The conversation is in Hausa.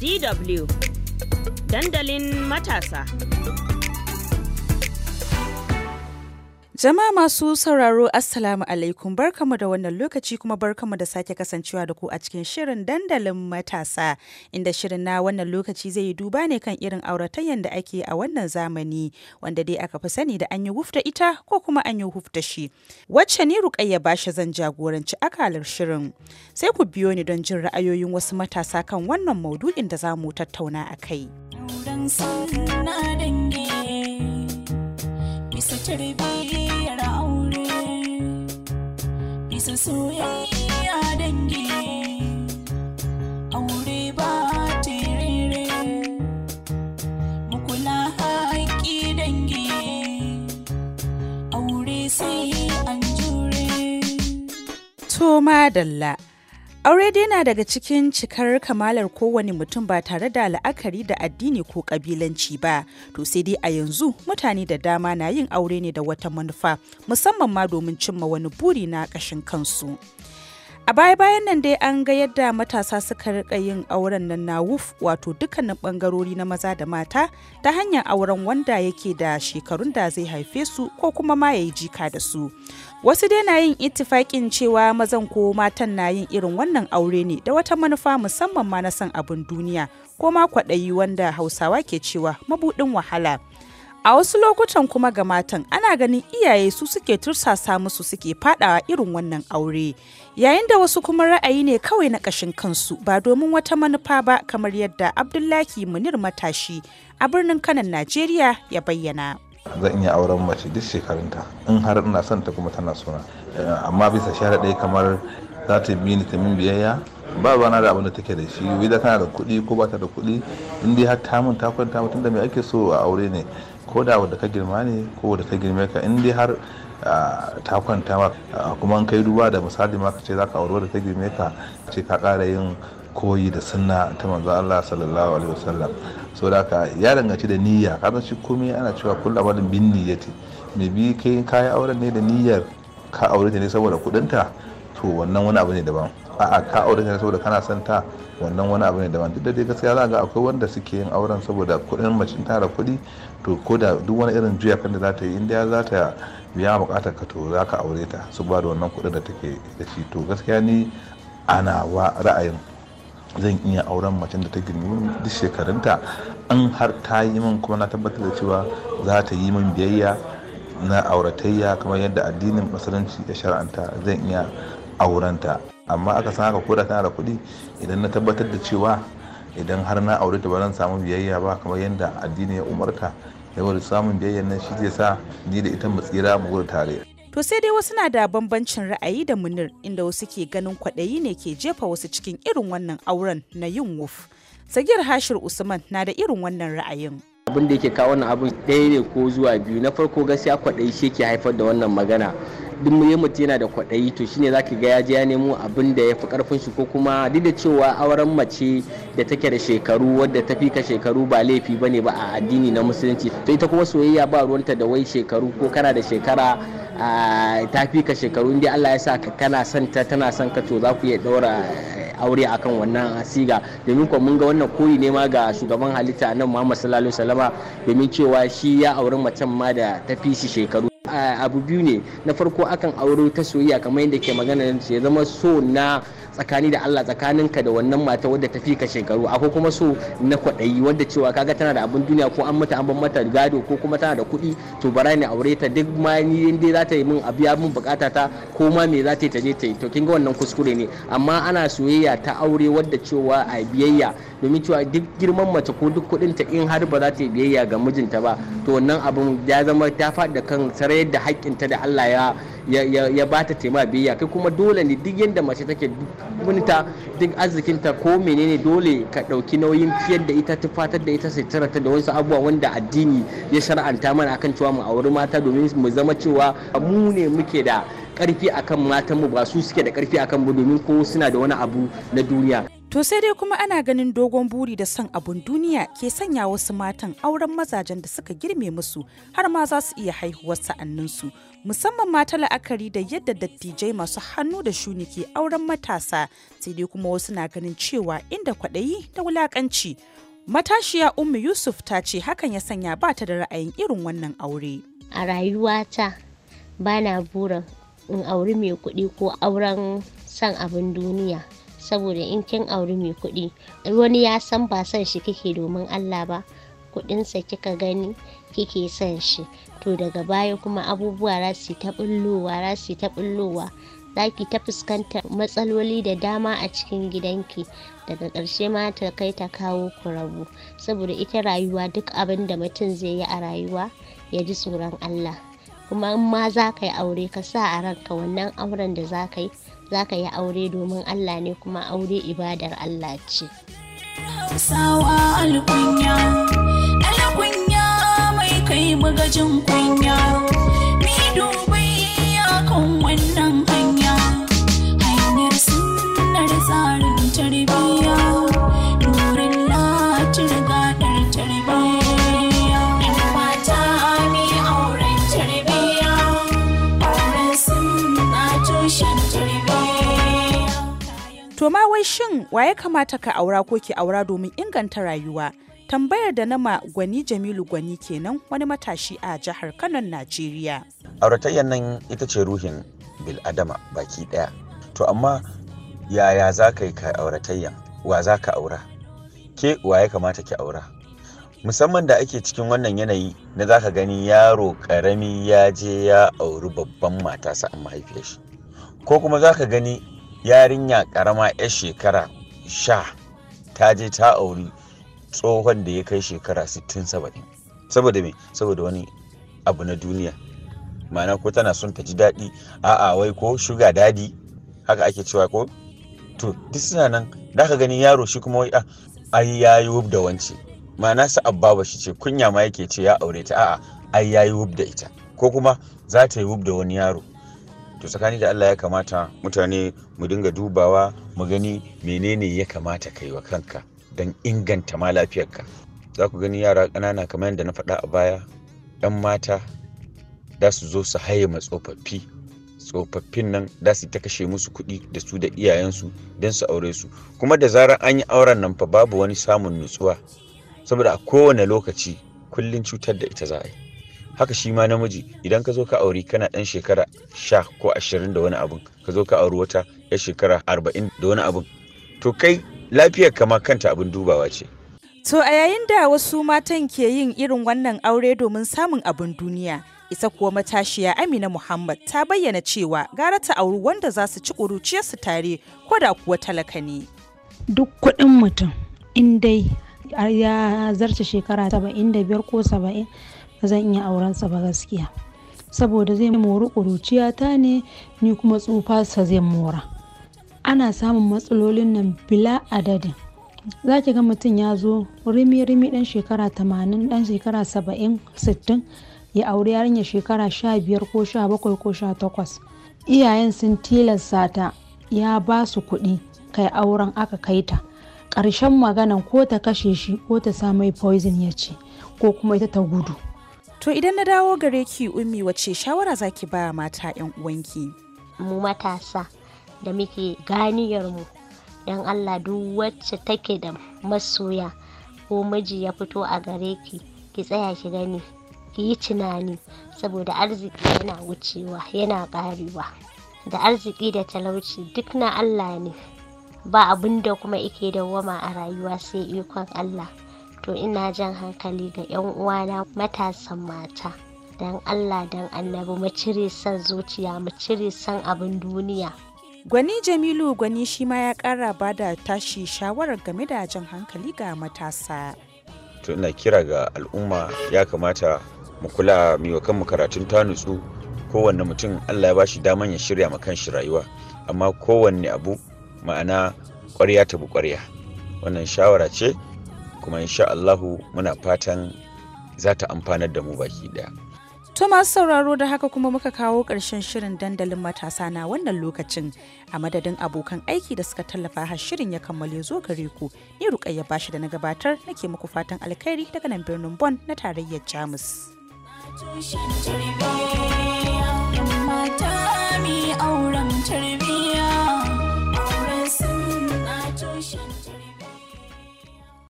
DW dandalin matasa. Jama'a masu sauraro Assalamu alaikum barkamu da wannan lokaci kuma barkamu da sake kasancewa da ku a cikin shirin dandalin matasa inda shirin na wannan lokaci zai yi duba ne kan irin auratayyar da ake a wannan zamani wanda dai aka fi sani da an yi hufta ita ko kuma an yi hufta shi. Wacce ni Rukayya shi zan jagoranci akalar shirin. Sai ku biyo ni don jin ra'ayoyin wasu matasa kan wannan maudu'in da za mu tattauna a kai. Bisa su soyayya dangi aure ba tirere mukula haƙi dangi aure sai an jure to madalla Aure dai na daga cikin cikar kamalar kowane mutum ba tare da la'akari da addini ko kabilanci ba. To sai dai a yanzu mutane da dama na yin aure ne da wata manufa musamman ma domin cimma wani buri na ƙashin kansu. A baya-bayan nan dai an ga yadda matasa suka rika yin auren nan na wuf wato dukkanin bangarori na maza da mata ta hanyar auren wanda yake da shekarun da zai haife su ko kuma ma ya yi jika da su. Wasu dai na yin ittifaƙin cewa mazan ko matan na yin irin wannan aure ne da wata manufa musamman ma na son abin duniya ko ma kwaɗayi wanda Hausawa ke cewa mabuɗin wahala. A wasu lokutan kuma ga matan ana ganin iyaye su suke tursasa musu suke fadawa irin wannan aure. Yayin da wasu kuma ra'ayi ne kawai na ƙashin kansu ba domin wata manufa ba kamar yadda Abdullahi Munir matashi a birnin kanan Najeriya ya bayyana. zan iya auren mace duk shekarunta in har ina son ta kuma tana suna amma bisa sharaɗai kamar za ta yi ni ta min biyayya ba bana da abin da take da shi da kana da kuɗi ko ba ta da kuɗi in dai har ta mun ta kwanta mutum da me ake so a aure ne ko da wadda ka girma ne ko wadda ta girme ka in dai har ta kwanta ma kuma an kai duba da misali ma ka ce za ka auri wadda ta girme ka ce ka ƙara yin koyi da sunna ta manzo Allah sallallahu alaihi wasallam so da ka ya danganci da niyya ka san shi komai ana cewa kullu amalin bin niyyati me bi kai kai auren ne da niyyar ka aure ta ne saboda ta to wannan wani abu ne daban a'a ka aure ta saboda kana son ta wannan wani abu ne daban duk da dai gaskiya za ga akwai wanda suke yin auren saboda kuɗin macin tara kuɗi to ko da duk wani irin juya kan da za ta yi inda za ta biya bukatar ka to za ka aure ta su ba da wannan kuɗin da take da shi to gaskiya ni ana wa ra'ayin zan iya auren macen da ta girmi duk shekarunta an har ta yi min kuma na tabbatar da cewa za ta yi min biyayya na auratayya kamar yadda addinin musulunci ya shar'anta zan iya aurenta amma aka san haka koda tana da kuɗi idan na tabbatar da cewa idan har na aure ta ba zan samu biyayya ba kamar yadda addini ya umarta yawar samun biyayya nan shi zai sa ni da ita mu tsira mu gudu tare To sai dai wasu na da bambancin ra'ayi da munir inda wasu ke ganin kwaɗayi ne ke jefa wasu cikin irin wannan auren na yin wuf. Sagir Hashir Usman na da irin wannan ra'ayin. abin da yake kawo wannan abin ɗaya ne ko zuwa biyu na farko gaskiya kwaɗayi shi ke haifar da wannan magana duk yamma yana da kwaɗayi to shine zaki ga ya ji ya nemo abin da ya fi karfin shi ko kuma duk da cewa auren mace da take da shekaru wadda ta fika shekaru ba laifi bane ba a addini na musulunci to ita kuma soyayya ba ruwanta da wai shekaru ko kana da shekara ta fika shekaru inda Allah ya sa ka kana son ta tana son ka to za ku iya daura eh, aure akan wannan siga domin kuma mun ga wannan koyi ne ma ga shugaban halitta nan Muhammad sallallahu alaihi wasallama domin cewa shi ya auri mace ma da ta fi shi shekaru abu biyu ne na farko akan aure ta soyayya kamar yadda ke magana ya zama so na tsakani da Allah tsakaninka da wannan mata wadda ta fi ka shekaru akwai kuma so na kwaɗayi wadda cewa kaga tana da abin duniya ko an mata an ban mata gado ko kuma tana da kuɗi to bara ne aure ta duk ma ni dai za ta yi min abu ya min bukata ta ko ma me za ta yi ta je ta yi to kin ga wannan kuskure ne amma ana soyayya ta aure wadda cewa a biyayya domin cewa duk girman mace ko duk kuɗin ta in har ba za ta yi biyayya ga mijinta ba to wannan abun ya zama ta faɗi kan sarai yadda haƙƙinta da Allah ya ya ta taimaka biyayya kai kuma dole ne duk yadda mace take munta duk arzikinta ko menene dole ka ɗauki nauyin fiyar da ita tufatar da ita sai ta da wasu abubuwa wanda addini ya shar'anta mana akan cewa mu auri mata domin mu zama cewa mu ne muke da karfi akan matanmu ba su suke da karfi akan mu domin ko suna da wani abu na duniya To sai dai kuma ana ganin dogon buri da son abun duniya ke sanya wasu matan auren mazajen da suka girme musu har ma za su iya haihuwar sa'anninsu. Musamman mata la'akari da yadda dattijai masu hannu da shuni ke auren matasa sai dai kuma wasu na ganin cewa inda kwaɗayi da wulaƙanci. Matashiya Ummu Yusuf ta ce hakan ya sanya ba ta da ra'ayin irin wannan aure. A rayuwata ba na burin in auri mai kuɗi ko auren son abin duniya. saboda in kin auri mai kuɗi wani ya san ba son shi kike domin Allah ba kuɗinsa kika gani kike son shi to daga baya kuma abubuwa za su ta bullowa za su ta bullowa za ki ta fuskantar matsaloli da dama a cikin gidanki daga ƙarshe ma ta kai ta kawo ku rabu saboda ita rayuwa duk abin da mutum zai yi a rayuwa ya ji tsoron Allah kuma in ma za ka yi aure ka sa a ranka wannan auren da za ka yi za ka yi aure domin Allah ne kuma aure ibadar Allah ce. alkunya, alkunya magajin kunya, ni dubai kan wannan kuma shin wa ya kamata ka aura ko ki aura domin inganta rayuwa? Tambayar da nama Gwani Jamilu Gwani kenan wani matashi a jihar Kano, Najeriya. Auratayyar nan ita ce ruhin bil'adama baki ɗaya. To amma yaya za ka yi ka Wa za ka aura? Ke wa ya kamata ki aura? Musamman da ake cikin wannan yanayi na za ka gani yaro karami ya je ya auri babban matasa an mahaifiyar shi. Ko kuma za ka gani yarinya karama 'yar shekara sha ta je ta auri tsohon da ya kai shekara 60 saboda me saboda wani abu na duniya ma'ana ko tana son ta ji daɗi a'a wai ko shuga dadi haka ake cewa ko to duk suna nan da ka gani yaro shi kuma wai ah, ai ya yi da wance ma'ana su abba shi ce kunya ma yake ce ya aure ta a'a ai ya yi da ita ko kuma za ta yi wub da wani yaro to tsakani da Allah ya kamata mutane mu dinga dubawa mu gani menene ya kamata kai wa kanka don inganta ma lafiyarka za ku gani yara ƙanana kamar yadda na faɗa a baya 'yan mata da su zo su haye ma tsofaffi tsofaffin nan da su ta kashe musu kuɗi da su da iyayensu don su aure su kuma da zarar an yi auren nan fa babu wani samun nutsuwa saboda a kowane lokaci kullum cutar da ita za a yi haka shi ma namiji idan ka zo ka auri kana dan shekara sha ko ashirin da wani abun ka zo ka auri wata ya shekara arba'in da wani abun to kai lafiyar kama kanta abin dubawa ce to a yayin da wasu matan ke yin irin wannan aure domin samun abin duniya ita kuwa matashiya amina muhammad ta bayyana cewa gara ta auri wanda za su ci ƙuruciyarsu tare ko da kuwa talaka ne duk kuɗin mutum in dai ya zarce shekara saba'in da biyar ko saba'in zan iya aurensa ba gaskiya saboda zai mori ta ne ni kuma sa zai mora ana samun matsalolin nan bila adadin za ki ga mutum ya zo rimi-rimi ɗan shekara 80 ɗan shekara 70 60 ya auri yarinya shekara sha biyar, ko 17 ko 18 iyayen sun tilasta ta ya ba su kuɗi kai auren aka kai ta ƙarshen magana ko ta kashe shi ko ta sa mai poison ya ce ko kuma ita ta gudu To idan na dawo gare ki ummi wace shawara zaki ba mata 'yan uwanki? Mu matasa da muke ganiyar mu don Allah duk wacce take da masoya ko miji ya fito a gare ki ki tsaya ki gani ki yi tunani saboda arziki yana wucewa yana karewa da arziki da talauci duk na Allah ne ba abin da kuma ike dawwama a rayuwa sai ikon Allah to ina jan hankali ga 'yan uwana matasan mata don allah don annabi mu cire son zuciya mu cire son abin duniya gwani jamilu gwani shi ma ya kara ba da tashi shawarar game da jan hankali ga matasa to ina kira ga al'umma ya kamata mu kula miwa kanmu karatun ta nutsu kowanne mutum allah ya bashi daman ya shirya ma kanshi rayuwa amma kowanne abu ma'ana ƙwarya ta bu kwarya wannan shawara ce kuma insha Allahu muna fatan za ta amfanar da mu baki daya. To masu sauraro da haka kuma muka kawo ƙarshen shirin dandalin matasa na wannan lokacin a madadin abokan aiki da suka tallafa har shirin ya kammale zo gare ku ni rukayya bashi da na gabatar nake muku fatan alkhairi daga nan birnin Bon na tarayyar Jamus. Mata mi